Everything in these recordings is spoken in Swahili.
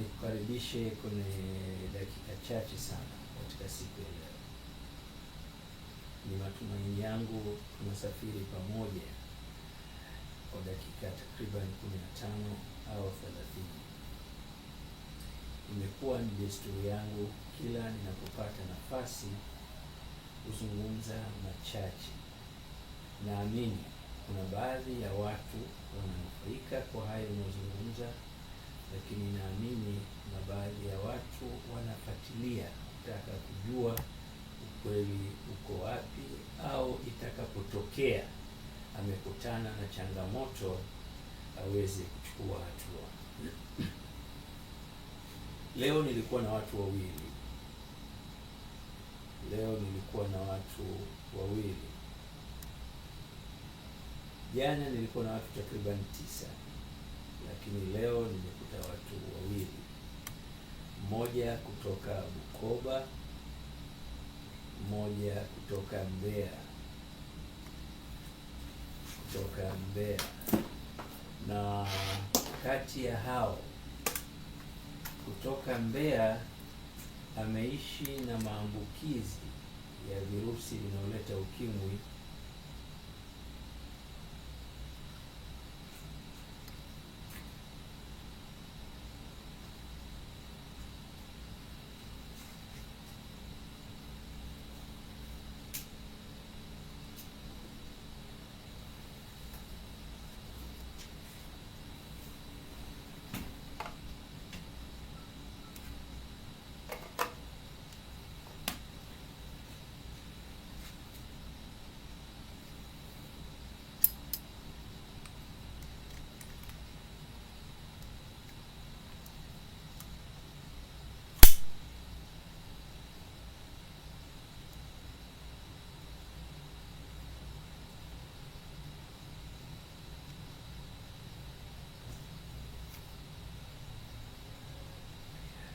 nikukaribishe kwenye dakika chache sana katika siku ya leo. Ni matumaini yangu tunasafiri pamoja kwa dakika takriban tano au thelathini. Imekuwa ni desturi yangu kila ninapopata nafasi kuzungumza machache. Naamini kuna baadhi ya watu wananufaika kwa hayo unazungumza lakini naamini na baadhi ya watu wanafuatilia kutaka kujua ukweli uko wapi, au itakapotokea amekutana na changamoto aweze kuchukua hatua. Leo nilikuwa na watu wawili, leo nilikuwa na watu wawili, jana nilikuwa na watu takriban tisa lakini leo nimekuta watu wawili, mmoja kutoka Bukoba, mmoja kutoka Mbeya, kutoka Mbeya, na kati ya hao kutoka Mbeya ameishi na maambukizi ya virusi vinaoleta ukimwi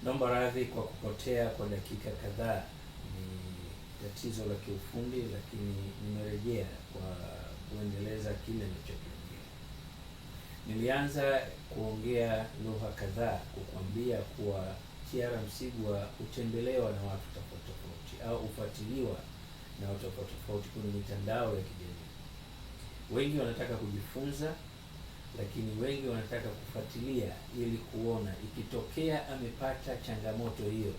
Naomba radhi kwa kupotea kwa dakika kadhaa, ni tatizo la kiufundi, lakini nimerejea kwa kuendeleza kile nilichokiongea. Nilianza kuongea lugha kadhaa kukuambia kuwa tiara Msigwa hutembelewa na watu tofauti tofauti au hufuatiliwa na watu tofauti tofauti kwenye mitandao ya kijamii. Wengi wanataka kujifunza lakini wengi wanataka kufuatilia ili kuona ikitokea amepata changamoto hiyo,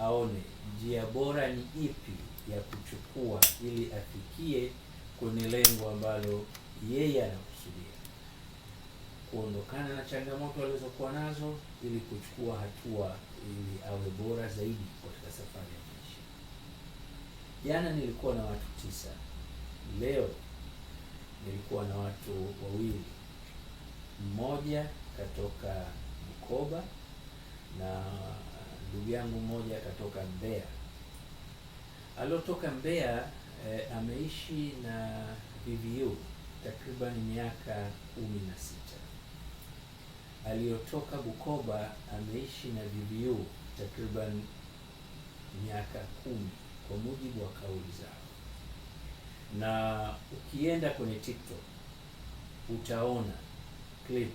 aone njia bora ni ipi ya kuchukua ili afikie kwenye lengo ambalo yeye anakusudia, kuondokana na changamoto alizokuwa nazo ili kuchukua hatua ili awe bora zaidi katika safari ya maisha. Jana nilikuwa na watu tisa, leo nilikuwa na watu wawili mmoja katoka Bukoba na ndugu yangu mmoja katoka Mbeya. Aliotoka Mbeya eh, ameishi na VVU takriban miaka kumi na sita. Aliyotoka Bukoba ameishi na VVU takriban miaka kumi kwa mujibu wa kauli zao, na ukienda kwenye TikTok utaona clip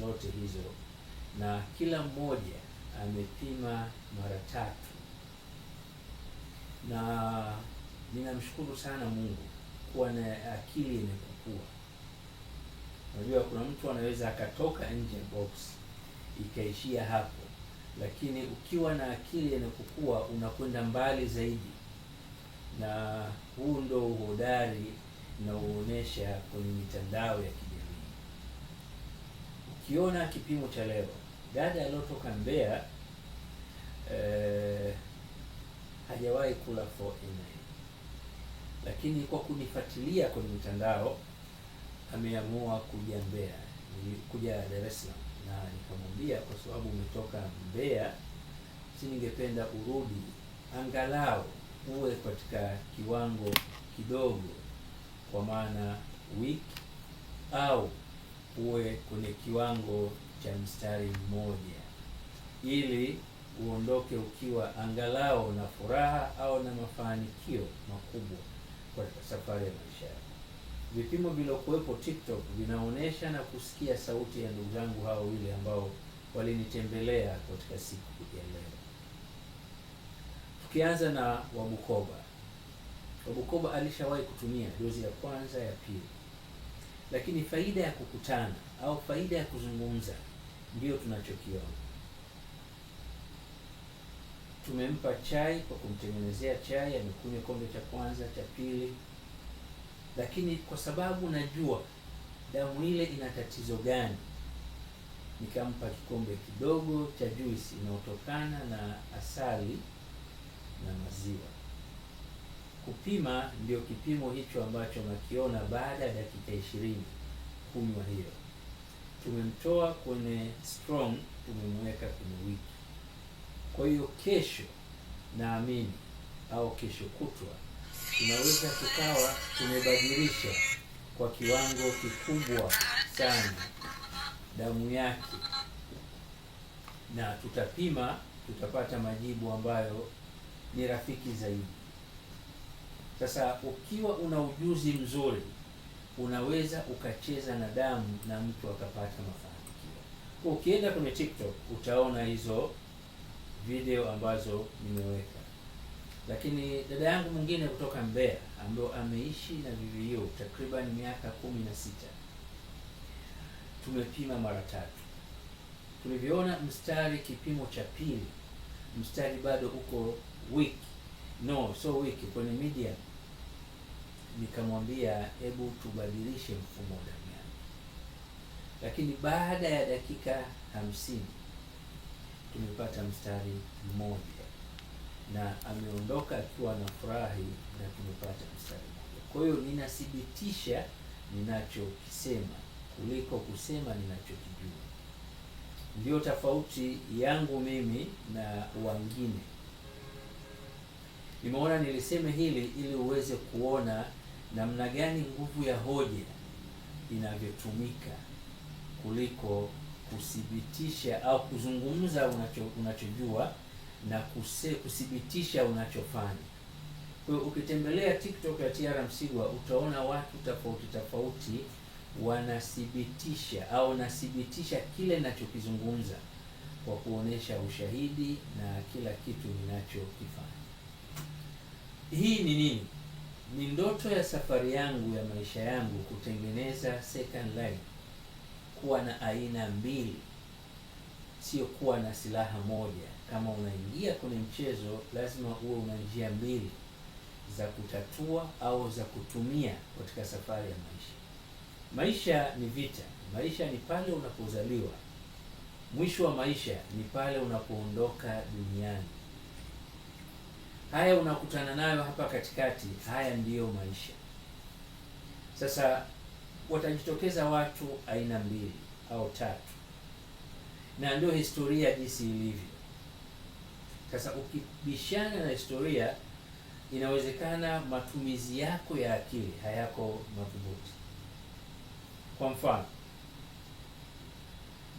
zote hizo, na kila mmoja amepima mara tatu, na ninamshukuru sana Mungu kuwa na akili imekukua. Unajua, kuna mtu anaweza akatoka nje box ikaishia hapo, lakini ukiwa na akili inakukua unakwenda mbali zaidi, na huu ndo uhodari uonesha kwenye mitandao ya kijamii. Ukiona kipimo cha leo, dada aliyotoka Mbeya eh, hajawahi kula 4A9, lakini kwa kunifuatilia kwenye mitandao ameamua kuja Mbeya, kuja Dar es Salaam, na nikamwambia kwa sababu umetoka Mbeya, si ningependa urudi angalau uwe katika kiwango kidogo, kwa maana wiki au uwe kwenye kiwango cha mstari mmoja, ili uondoke ukiwa angalau na furaha au na mafanikio makubwa kwa safari ya maisha yako. Vipimo vilivyokuwepo TikTok vinaonyesha na kusikia sauti ya ndugu zangu hao wawili ambao walinitembelea katika siku ya leo. Tukianza na Wabukoba, Wabukoba alishawahi kutumia dozi ya kwanza, ya pili lakini faida ya kukutana au faida ya kuzungumza ndiyo tunachokiona. Tumempa chai kwa kumtengenezea chai, amekunywa kombe cha kwanza, cha pili, lakini kwa sababu najua damu ile ina tatizo gani, nikampa kikombe kidogo cha juisi inayotokana na asali na maziwa. Kupima ndio kipimo hicho ambacho nakiona baada ya dakika ishirini kunywa hiyo. Tumemtoa kwenye strong, tumemweka kwenye weak. Kwa hiyo kesho naamini au kesho kutwa tunaweza tukawa tumebadilisha kwa kiwango kikubwa sana damu yake, na tutapima, tutapata majibu ambayo ni rafiki zaidi. Sasa ukiwa una ujuzi mzuri unaweza ukacheza na damu na mtu akapata mafanikio. ukienda kwenye TikTok utaona hizo video ambazo nimeweka, lakini dada yangu mwingine kutoka Mbeya ambayo ameishi na VVU takriban miaka kumi na sita tumepima mara tatu. Tulivyoona mstari kipimo cha pili, mstari bado uko wiki no so wiki kwenye media nikamwambia hebu tubadilishe mfumo wa damu lakini baada ya dakika hamsini tumepata mstari mmoja na ameondoka akiwa na furahi na tumepata mstari mmoja. Kwa hiyo ninathibitisha ninachokisema kuliko kusema ninachokijua. Ndio tofauti yangu mimi na wengine nimeona niliseme hili ili uweze kuona namna gani nguvu ya hoja inavyotumika kuliko kuthibitisha au kuzungumza unacho, unachojua na kuse, kuthibitisha unachofanya. Kwa hiyo ukitembelea TikTok ya T.R. Msigwa utaona watu tofauti tofauti wanathibitisha au nathibitisha kile ninachokizungumza kwa kuonesha ushahidi na kila kitu ninachokifanya. Hii ni nini? Ni ndoto ya safari yangu ya maisha yangu kutengeneza second line, kuwa na aina mbili, sio kuwa na silaha moja. Kama unaingia kwenye mchezo, lazima uwe una njia mbili za kutatua au za kutumia katika safari ya maisha. Maisha ni vita. Maisha ni pale unapozaliwa, mwisho wa maisha ni pale unapoondoka duniani haya unakutana nayo hapa katikati. Haya ndiyo maisha. Sasa watajitokeza watu aina mbili au tatu, na ndio historia jinsi ilivyo. Sasa ukibishana na historia, inawezekana matumizi yako ya akili hayako madhubuti. Kwa mfano,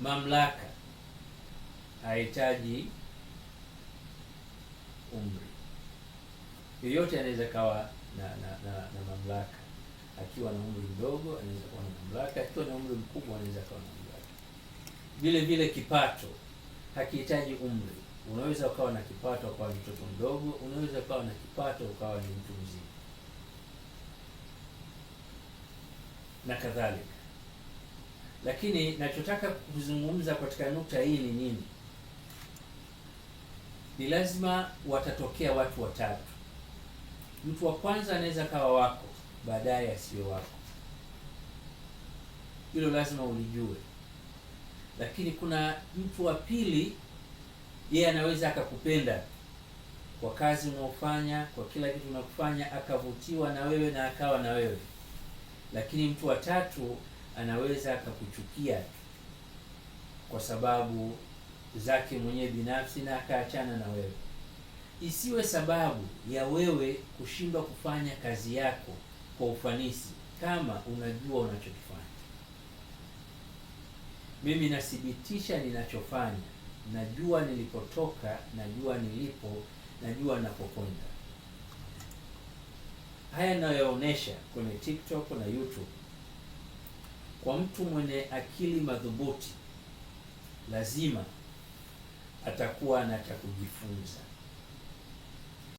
mamlaka hahitaji umri Yoyote anaweza kawa na na, na na mamlaka. Akiwa na umri mdogo anaweza kuwa na mamlaka, akiwa na umri mkubwa anaweza kawa na mamlaka. Vile vile kipato hakihitaji umri. Unaweza ukawa na kipato ukawa ni mtoto mdogo, unaweza ukawa na kipato ukawa ni mtu mzima na kadhalika. Lakini nachotaka kuzungumza katika nukta hii ni nini? Ni lazima watatokea watu watatu mtu wa kwanza anaweza kawa wako, baadaye asiwe wako. Hilo lazima ulijue. Lakini kuna mtu wa pili, yeye anaweza akakupenda kwa kazi unaofanya, kwa kila kitu unakufanya, akavutiwa na wewe na akawa na wewe. Lakini mtu wa tatu anaweza akakuchukia kwa sababu zake mwenyewe binafsi na akaachana na wewe isiwe sababu ya wewe kushindwa kufanya kazi yako kwa ufanisi kama unajua unachokifanya. Mimi nathibitisha ninachofanya, najua nilipotoka, najua nilipo, najua napokwenda. Haya ninayoonyesha kwenye TikTok na YouTube, kwa mtu mwenye akili madhubuti, lazima atakuwa na cha kujifunza.